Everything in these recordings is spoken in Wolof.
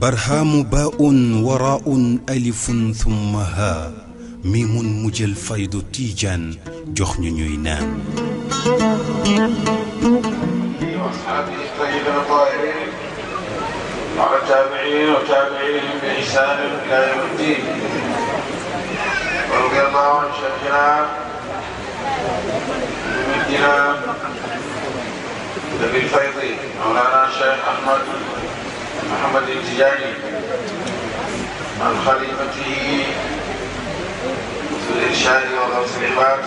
برهام باء وراء ألف ثم ها ميم مجل فيض تيجان جخن نينان وأصحابه الطيبين الطاهرين وعلى التابعين وتابعيهم بإحسان إلى يوم الدين ورضي الله عن شيخنا ومدنا ذوي الفيض مولانا الشيخ احمد محمد التجاني عن خليفته في الارشاد والتصريفات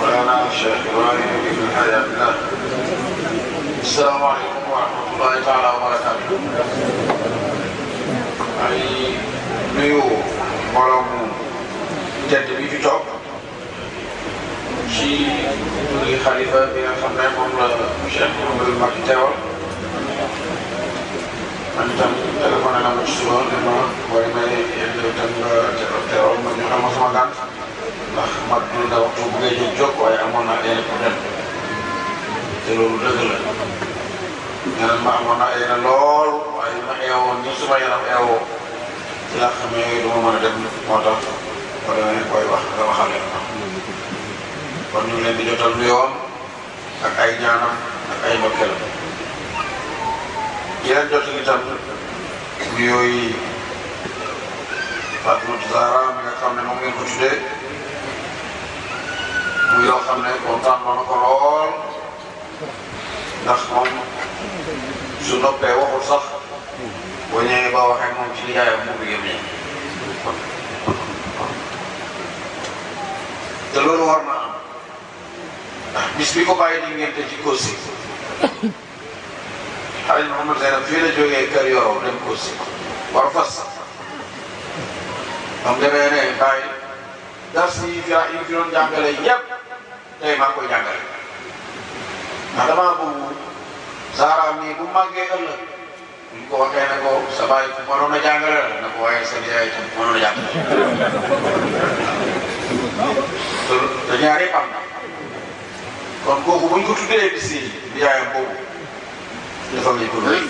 مولانا الشيخ ابراهيم بن حياه الله السلام عليكم ورحمه الله تعالى وبركاته ay nuyu borom jant bi fi toog ci muy xalifa bi nga xam ne moom la Cheikh Mouhamadou Macky teewal man itam téléphone na ma ci suba ne ma booy may yéen itam nga teewal ma ñu amal sama gàtt ndax mag lu da waxtu bu ngay jóg jóg waaye amoon naa yeneen pour dem te loolu dëgg la ñeneen ma amoon naa yeneen lool waaye ma eewoon ni suma yaram eewoo ci laa xamee du ma mën a dem moo tax boo demee booy wax nga waxale kon ñu ngi leen di jotal nuyoom ak ay ñaanam ak ay ndokkeelam di leen jot itam nuyoo yi Fatou Zahra mi nga xam ne moom ngeen ko tuddee mu yoo xam ne kontaan na ko lool ndax moom su noppee waxul sax boo ñëwee ba waxee moom ci liggéeyam mu ngi yëngu te loolu war na ndax bis bi ko bàyyi ngeen te ci Kossy Alaaji Mouhamed Zeynab fii la jógee kër Yoro dem Kossy war fas am demee ne bàyyi dars fi yi fi doon jàngale yëpp tey maa koy jàngale ndax damaa bëgg Zahra mii bu màggee ëllëg buñ ko waxee ne ko sa bàyyi fu mënoon a jàngale la na ko waaye sa yaay itam mënoon a jàngale te ñaari am kon kooku buñ ko tuddee miskiin bi yaayam boobu dafa lay ko rëy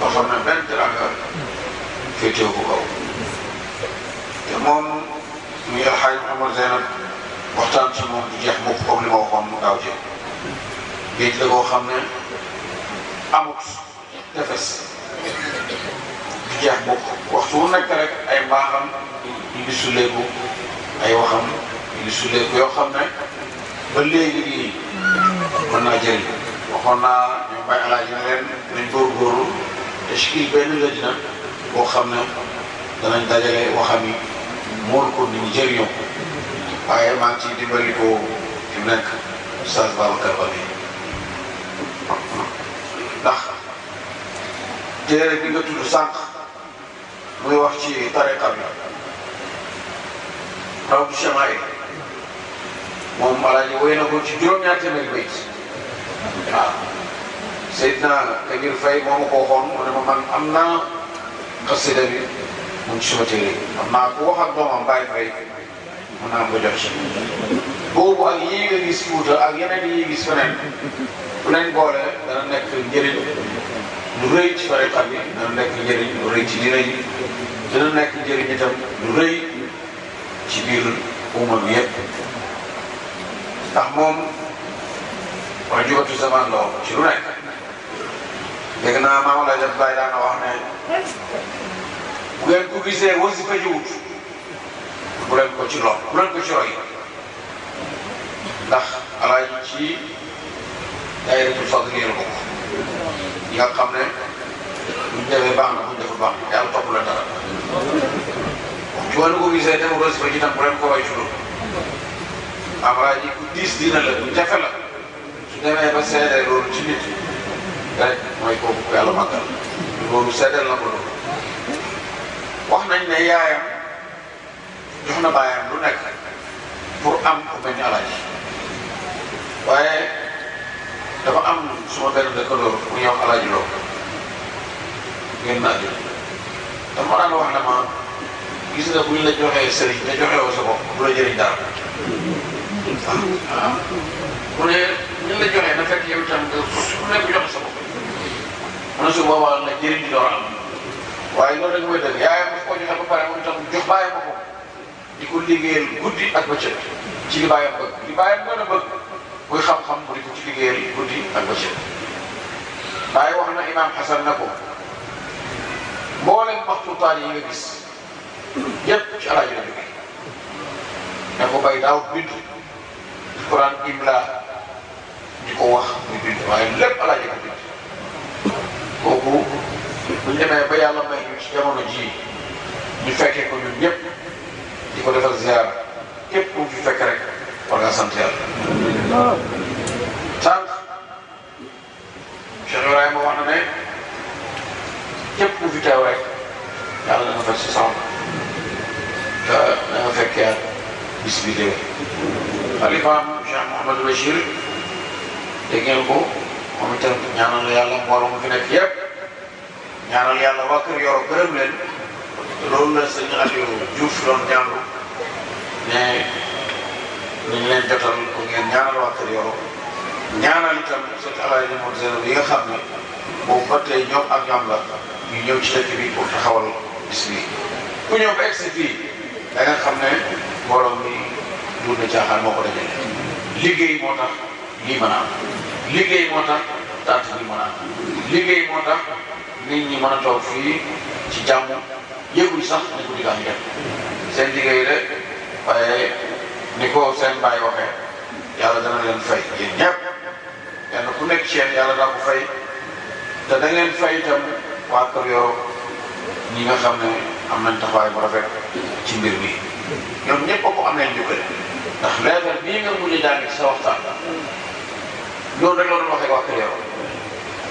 ba xam ne benn teranga féetewu ko kaw te moom mu ngi xaaj Amar Zeynab waxtaan ci moom du jeex bopp comme li ma waxoon mu daaw jeex géej la koo xam ne amut tefes du jeex bopp waxtu wu nekk rek ay mbaaxam ñu ngi sulleeku ay waxam ñu ngi sulleeku yoo xam ne ba léegi lii mën naa waxoon naa ñoom Baye El leen nañ góorgóorlu tashkil benn lajna boo xam ne danañ dajale waxam yi mool ko nit ñi jëriñoo waaye maa ngi ciy dimbali ko fi mu nekk Oustaz Babacar Ba bi ndax bi nga tudd sànq muy wax ci tariqa bi raw du moom Alaaji wéy na ko ci juróom-ñaar téeméeri bayt waaw Seydina Kabir Faye moo ma ko waxoon mu ne ma man am naa xasida bi mu ngi suma téere am naa ku wax ak doomam Baye Faye mën naa ci boobu ak yii nga gis Fuuta ak yeneen yi gis feneen bu leen boole dana nekk njëriñ lu rëy ci tariqa bi dana nekk njëriñ lu rëy ci ci biir umma bi ndax moom mooy jubatu zaman la ci lu nekk dégg naa maam El Hadj Abdoulaye daan na wax ne bu leen ko gisee wasifa ji wut bu leen ko ci lor bu leen ko ci roy ndax alaaji nga xam ne buñ defee baax na buñ defee baax na yàlla topp la ci wàllu ko gisee dem wasifa ji ci loolu am waa ji diis dina la bu jafe la su demee ba seede loolu ci nit rek mooy kooku ku yàlla màggal loolu seedeel na ko loolu wax nañ ne yaayam jox na baayam lu nekk pour am ku mel ni alaaji waaye dafa am suma benn dëkkandoo mu ñëw alaaji loo ngeen naa jël dama daan wax ne ma gis nga buñ la joxee sëriñ joxe woo sa bopp bu la jëriñ ah mu ne ñu la joxee na fekk yow itam nga su nekk joxe sa bopp mu ne su boobaa nag jëriñ di door a am waaye loolu rek mooy dëgg yaayam daf ko joxe ba pare moom itam jox bàyyi ko ko di ko liggéeyal guddi ak bëccëg ci li bàyyam bëgg li bàyyam gën a bëgg muy xam-xam mu di ko ci liggéeyal guddi ak bëccëg bàyyi wax na Imaam Xasan na ko mboolem maxtuutaan yi nga gis yëpp ci alaaji la jóge na ko bay daaw bindu. Quran imla ñu ko wax ñu bind waaye lépp alaaji ko bind kooku bu ñu demee ba yàlla may ñu ci jamono jii ñu fekkee ko ñun ñëpp di ko defal ziara képp ku fi fekk rek war nga sant yàlla. sànq Cheikh Ibrahima wax na ne képp ku fi teew rek yàlla na nga fekk si soxna te na nga fekk yàlla bis bi déwén. Cheikh Mouhamadou Bachir dégg ngeen ko moom itam ñaanal yàlla mbooloo mu fi nekk yëpp ñaanal yàlla waa kër Yoro gërëm leen loolu la sëñ Aliou Diouf doon jàng ne nañ leen jotal ko ngeen ñaanal waa kër Yoro ñaanal itam sëñ Alaye Limon Zéro bi nga xam ne boobu ba tey ñoom ak ñoom la ñu ñëw ci dëkk bi pour taxawal bis bi ku ñëw ba egsi fii da nga xam ne mbooloo mi dund caaxaan moo ko dajale liggéey moo tax lii mën a moo tax tant bi mën moo tax ni ñi mën a toog fii ci jàmm yëguñ sax ni ko digal seen liggéey la waaye ni ko seen bàyyi waxee yàlla dana leen fay yéen ñëpp ku nekk ceen yéen yàlla daa ko fay te da ngeen fay itam waa kër yoo ñi nga xam ne am nañ taxawaay bu rafet ci mbir mi ñoom ñëpp ko am nañ njukkal ndax leetar bii nga mujj jàng ci sa waxtaan loolu rek la doon waxee wax kër yow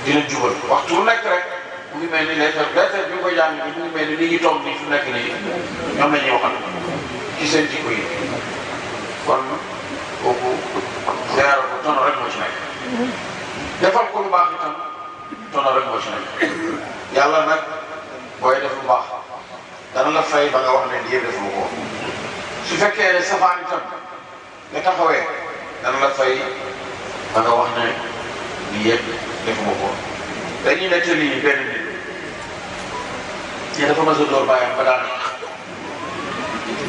dina jubal waxtu bu nekk rek mu ngi mel ni leetar leetar bi koy jàng bi mu ngi mel ni li ñu toog nii fu nekk nii ñoom la ñuy waxal ci seen jikko yi kon kooku ziara bu rek moo ci nekk. defal ko lu baax itam tono rek moo ci nekk yàlla nag booy def lu baax dana la fay ba nga wax ne lii defuma ko su fekkee ne safaan itam. nga taxawee dana la fay ba wax ne lii yëpp defuma ko dañuy nettali ñu benn nit ñi dafa mas a door bàyyam ba daan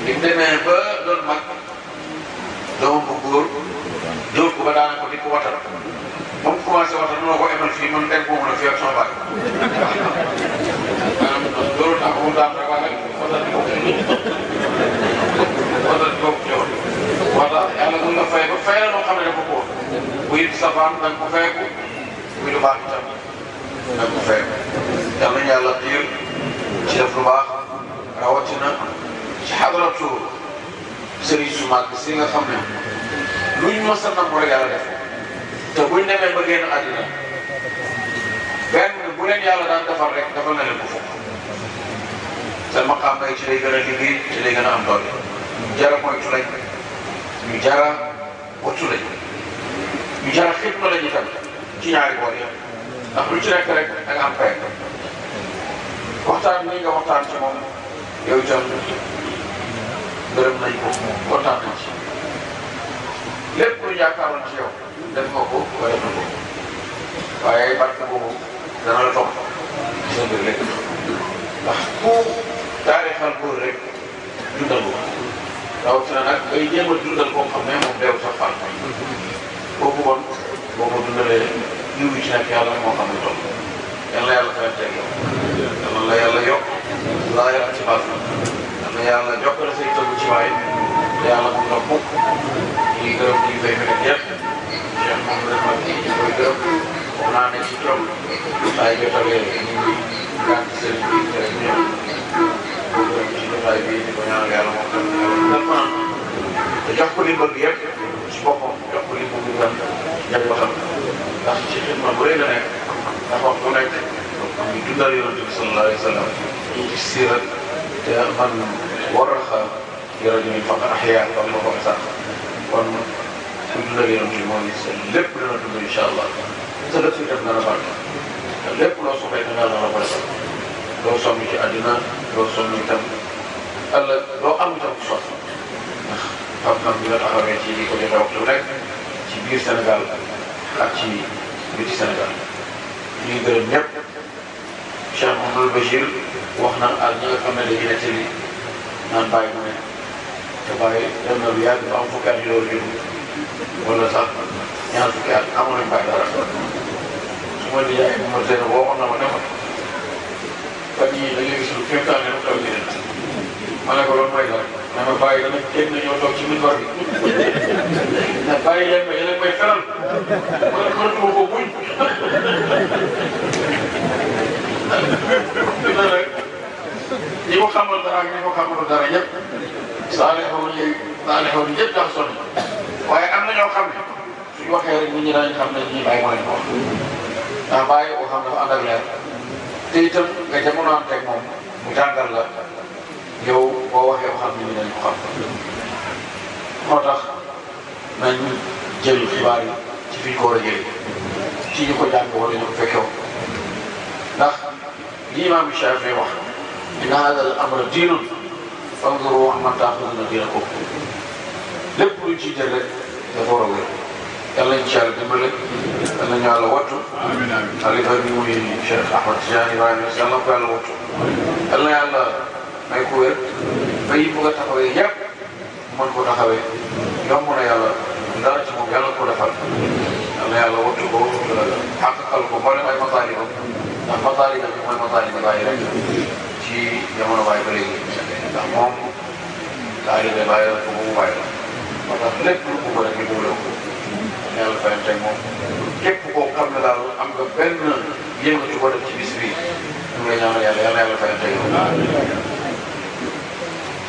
bi mu demee ba doon mag doom bu góor dóor ko ba daanaka ko watal ba mu commencé watal mënoo ko emal fii man teg ko mun a fii ak sama baay safaan da nga ko feeku muy lu baax itam da nga ko feeku yal nañu yàlla diir ci def lu baax rawatina ci xadaratu sëriñ su mag si nga xam ne luñ mos a nangu rek yàlla def te buñ demee ba génn àddina benn bu leen yàlla daan defar rek defal na leen ko fukk te maqaam ngay ci lay gën a liggéey ci lay gën a am doole jara moytu lañ ñu jara wattu lañ yu jaar xitma la ñu tam ci ñaari boor yëpp ndax lu ci nekk rek da nga am pay waxtaan ni nga ci moom yow itam gërëm nañ ko kontaan nañ ci lépp lu yaakaaroon ci yow def nga ko wala def nga ko waaye barke boobu dana la topp sa mbir lekk ndax ku taarixal góor rek dundal ko rawatina nag ay jéem a dundal koo xam ne moom deew sa fan boo ko dundalee jiw yi ci nekk yàlla moo xam ne toll yàlla yàlla fayanteeg yow. yàlla la yàlla yokk laa yàlla ci baax na yàlla jokkale say tëgg ci waay te yàlla mun na mukk di gërëm di béy mi rek yëpp Cheikh moom vraiment kii di koy gërëm wax naa ne ci tool ay jotalee ñu ngi daan ci seen biir rek ñoom pour gërëm ci jotaay bi di ko ñaanal yàlla moo xam ne yàlla def naa te jox ko li bëgg yëpp ci boppam jox ko li bëgg ñëpp ko xam ndax ci xidma bu rëy la nekk ndax wax bu nekk ñu ngi dundal yonent bi sallallahu alayhi wa sallam ñu ngi ci siira te man waraxa yarajulin faqad ahyaa comme ma ko sax kon suñ dundal yonent bi moo ngi sa lépp dana dund incha allah sa def suñ def dana barke te lépp loo soxee da ngaa dana barke doo sonn ci àddina doo sonn itam ëllëg doo am itam ku sonn ndax xam-xam bi nga taxawee ci li ko jot a waxtu rek. biir Sénégal ak ci biti Sénégal ñu ngi gërëm ñëpp Cheikh Mouhamadou Bachir wax na ak ñi nga xam ne dañuy nettali naan bàyyi mu ne te bàyyi dem na lu yàgg ba am fukki at yu loolu jëm wala sax ñaar fukki at amoon nañu bàyyi dara su ma di jaay ma seen waxoon na ma ne ma fan yii da ngay gis lu kéemtaane ma ne ko loolu mooy dara dama bàyyi dama teg na ñoo toog ci minbar bi bàyyi leen ma yéen a may feral man mënatuma ko buñ dina nag ñi ko xamal dara ak ñi ko xamal dara yëpp saa ne xaw ñu saa ne xaw ñu yëpp daal sonn waaye am na ñoo xam ne suñu waxee rek nit ñi daañu xam ne ñii bàyyi moo leen ko wax ndax bàyyi boo xam dafa ànd ak leer te itam nga jamono am teg moom mu jàngal la yow boo waxee waxal nit ñi dañu ko xam moo tax nañ jël xibaar yi ci fi ñu ko war a jëlee ci ñu ko jàng wala ñu ko fekkeewoon ndax li imaam Shaafi'i wax inna haadha al-amra diinun fanzuruu amman ta'khudhuuna diinakum lépp luñ ciy jël rek dafa war a wér yàlla ñu ci yàlla dimbale yàlla ñu yàlla wattu xalifa bi muy Cheikh Ahmad Tijaan Ibrahima yàlla ko yàlla wattu yàlla yàlla may ko wér ba yi bëgg a taxawee yëpp mën ko taxawee yomb na yàlla dara ci moom yàlla ko defal. yàlla yàlla wattu ko xàqal euh, ko mboolem ay masaalibam ndax masaalibam bi mooy masaaliba bàyyi rek ci jamono bàyyi ba léegi ndax moom taalibe bàyyi la ko ba mu bàyyi la. moo tax lépp lu mu ko rek ñu wóoree ko yàlla fayal tey moom képp koo xam ne daal am nga benn yëngatu ko def ci bis bi ñu ngi lay ñaanal yàlla yàlla yàlla fayal tey moom.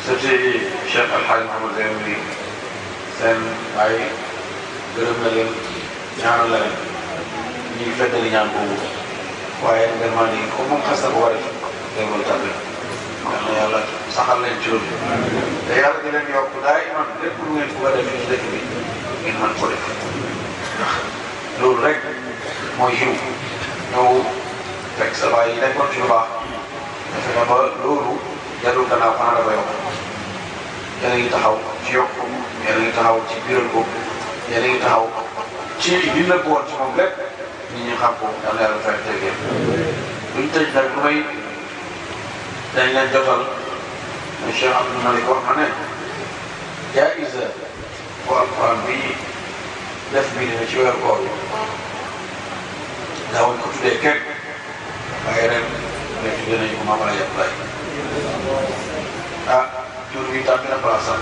sëti Cheikh Alxaaj Mahamad Zeyn bi seen ay gërëm na leen ñaanal la leen ñu ngi feddali ñaan boobu waaye vraiment ni comme moom xas na ko war a def loolu yàlla saxal leen ci te yàlla di leen yokk daay man lépp lu ngeen bëgg a def ci dëkk bi ngeen mën ko def ndax loolu rek mooy yiw ñëw fekk sa baay yi nekkoon ci lu baax defe na ba loolu jarul gannaaw xanaa dafa yokk yéen a ngi taxaw ci yokk yéen a ngi taxaw ci biral ko yéen a ngi taxaw ci li nëbb woon ci moom lépp nit ñi xam ko yal na yàlla fay tegee buñ tëj nag lu may dañ leen jotal ne Cheikh Abdou Malick wax na ne jaayisa bu alquran bi def bi dina ci weer koor yi daawuñ ko tuddee kenn waaye ren léegi dinañ ko maamala yàpp lay ah jur gi tam dina palaasam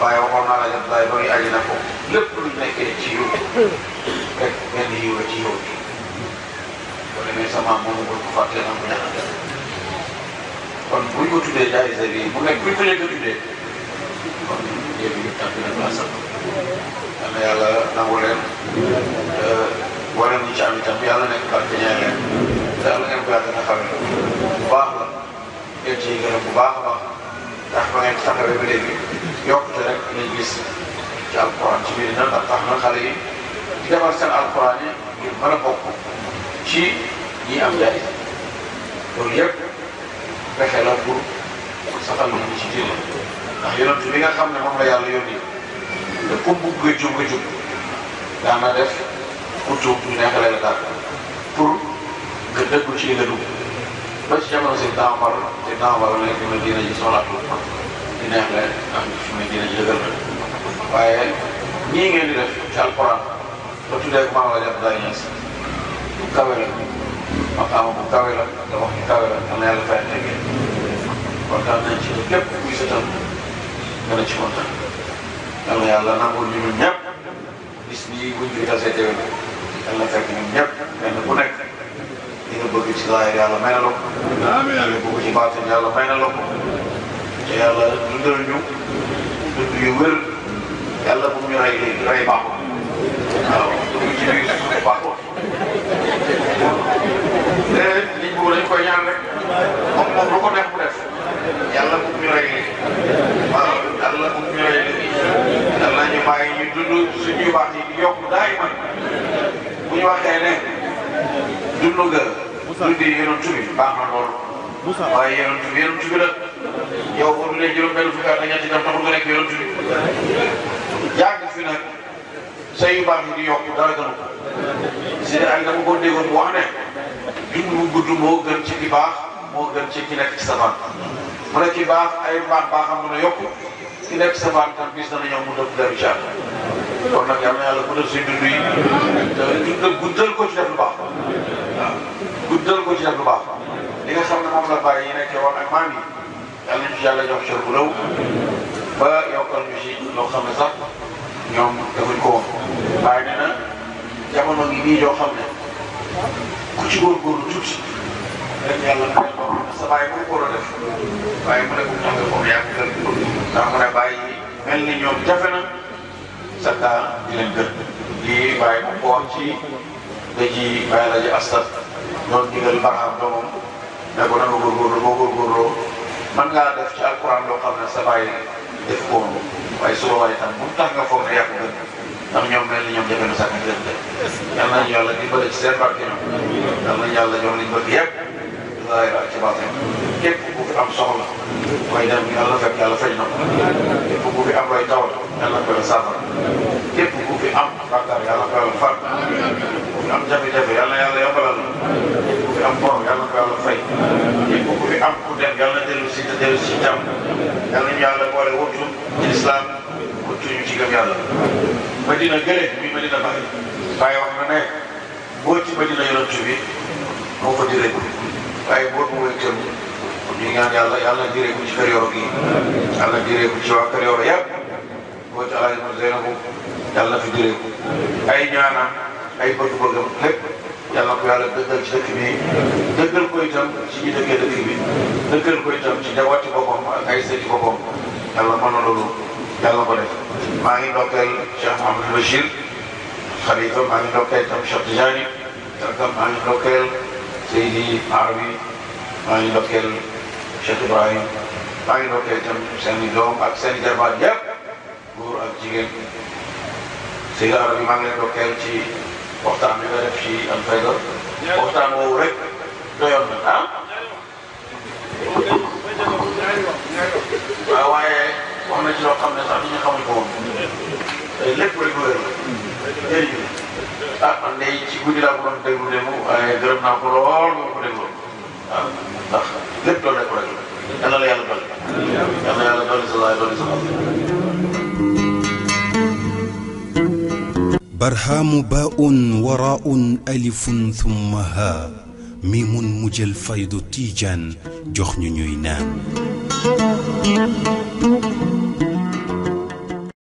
waaye waxoon naa la jot daay bari aji na ko lépp lu nekkee ci yow rek benn yiw la ci yow bi boo demee sama moomu bul ko fàtte na mu ñàkk kon bu ñu ko tuddee jaayisa bi mu nekk bu ñu ko njëkk a tuddee kon yéen ñu tam dina palaasam yal na yàlla nangu leen wala ñu ci am itam yàlla nekk barke ñaar leen te yàlla ngeen ko yàgg na xamee bu baax la ngeen ciy gërëm bu baax a baax ndax ba ngeen taxawee ba léegi yokkute rek lañ gis ci alquran ci biir na tax na xale yi di defar seen alquran yi ngir mën a bokk ci ñi am jaay loolu yëpp fexe la pour saxal nit ñi ci diine ndax yonent bi nga xam ne moom la yàlla yónni te ku bugg nga jub nga jub def ku tuub du neexale la daal pour nga dëggu ci li nga ba ci jamono si daaw te daaw war nañ fi may dina ji soxlaatu di neex am fi may dina ji dëgër la waaye ñii ngeen di def ci alxuraan ba tuddee ko maam bu kawe la maqaama bu kawe la te wax ci kawe la dana ci képp kuy sëtal gën a ci kontaan yàlla yàlla nangul ñu ñun ñëpp bis bii buñ fi tasee déwén yàlla fekk ñun ñëpp kenn ku nekk. nga bëgg ci laay yàlla may na la ko. amiin li nga bëgg ci baatin yàlla may na la ko. te yàlla dundal ñu dund yu wér yàlla bu mu ñu rey léegi rey baaxul waaw dugg ci biir suuf baaxul. léeg-léeg liñ bëgg dañ koy ñaan rek moom moom lu ko tuddee yonent bi baax na lool. waaye yonent bi yonent bi la yow boo dundee juróom-benn fukki at ak ñetti dem taxul nga nekk yonent bi yàgg fi nag say yu baax yi yokk dara gënu si ay dama ko déggoon bu wax ne gudd moo gën ci ki baax moo gën ci ki nekk ci safaan mu ne ki baax ay baax baaxam mën a yokk ki nekk safaan tam bis dana ñëw mu dëpp daru caat kon nag yal na yàlla guddal suñu dund yi te guddal ko ci def lu baax waaw guddal ko ci def lu baax li nga xam ne moom la bàyyi yi nekkee woon ak maam yi yàlla nañu ci yàlla jox cër bu rëw ba yokkal ñu si loo xam ne sax ñoom defuñ ko woon waaye nee na jamono ngi nii yoo xam ne ku ci góorgóorlu tuuti rek yàlla na ko sa bàyyi mu ko def waaye mu ne ko mu tànn foofu yàgg ndax mu ne bàyyi mel ni ñoom jafe na. sakka di leen gën lii bàyyi ko wax ci daji bàyyi la ji astat doon digal baraxam doomam ne ko nanga góorgóorlu boo góorgóorloo mën ngaa def ci alquran loo xam ne sa bàyyi def koom waaye suba waaye tam bu mu tax nga foog ne yàqu gën ndax ñoom mel ni ñoom jafe na sax nga gën de yal nañu yàlla dimbale ci seen barke ñoom yal nañu yàlla jox liñ bëgg yëpp zaahir ak ci baatin képp ku fi am soxla koy dem yàlla fekk yàlla fay na ko képp ku fi am looy tawat yàlla ko la saafara képp ku fi am bàkkaar yàlla ko la far ku fi am jafe-jafe yàlla yàlla yombalal la képp ku fi am bor yàlla ko la fay képp ku fi am ku dem yàlla dellu si te dellu si jàmm yàlla ñu yàlla boole wuttu ci lislaam wuttu ñu ci gëm yàlla Madina gële bi Madina Baye Baye wax na ne boo ci Madina yonent bi moo ko diree waaye boo dugalee cër ñu ñaan yàlla yàlla na jëlee ko ci kër Yoro gi yàlla na jëlee ko ci waa kër Yoro yàpp boo ci alal ma Zeynabu yàlla na fi jëlee ko ay ñaanam ay bëgg-bëggam lépp yàlla ko yàlla dëggal ci dëkk bi dëggal ko itam ci ñi dëkkee dëkk bi dëggal ko itam ci jawaati boppam ak ay sëti boppam yàlla mën na loolu yàlla ko def maa ngi ndokkeel Cheikh Mouhamadou Bachir xalifa maa ngi ndokkeel itam Cheikh Tijani maa ngi ndokkeel Seydi Arabi maa ngi ndokkeel Ibrahim maa ngi ndokkeel itam seen ak seen i jarbaat yëpp góor ak jigéen Seydi Arabi maa ngi ci waxtaan bi nga def ci am fayda waxtaan woowu ah? waaye wax na ci loo xam ne sax nit ñi ah man day ci guddi laa ko doon déglu ah, faydu tijaan jox ñu ñuy naan